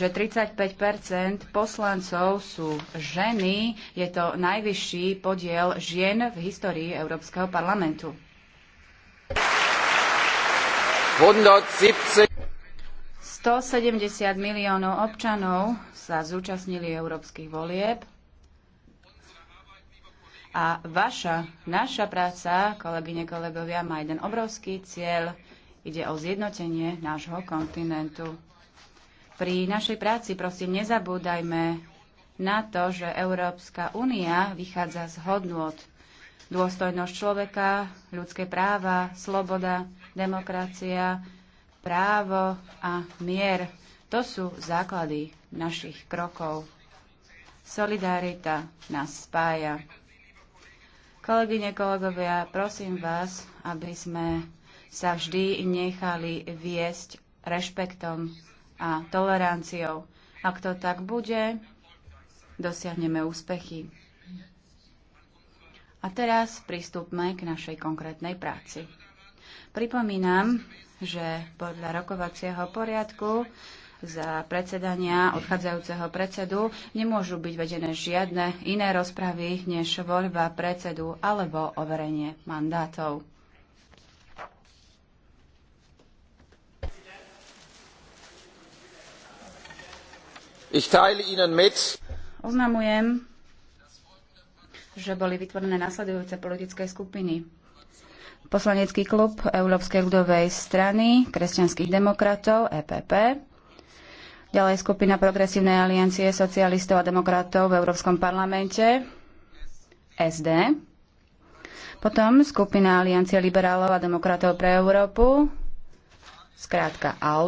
že 35 poslancov sú ženy. Je to najvyšší podiel žien v histórii Európskeho parlamentu. 170 miliónov občanov sa zúčastnili európskych volieb. A vaša, naša práca, kolegyne, kolegovia, má jeden obrovský cieľ. Ide o zjednotenie nášho kontinentu. Pri našej práci prosím nezabúdajme na to, že Európska únia vychádza z hodnot. Dôstojnosť človeka, ľudské práva, sloboda, demokracia, právo a mier. To sú základy našich krokov. Solidarita nás spája. Kolegyne, kolegovia, prosím vás, aby sme sa vždy nechali viesť rešpektom a toleranciou. Ak to tak bude, dosiahneme úspechy. A teraz pristúpme k našej konkrétnej práci. Pripomínam, že podľa rokovacieho poriadku za predsedania odchádzajúceho predsedu nemôžu byť vedené žiadne iné rozpravy než voľba predsedu alebo overenie mandátov. Ich teile Ihnen mit, Oznamujem, že boli vytvorené nasledujúce politické skupiny. Poslanecký klub Európskej ľudovej strany kresťanských demokratov EPP, ďalej skupina Progresívnej aliancie socialistov a demokratov v Európskom parlamente SD, potom skupina Aliancie liberálov a demokratov pre Európu, skrátka AL.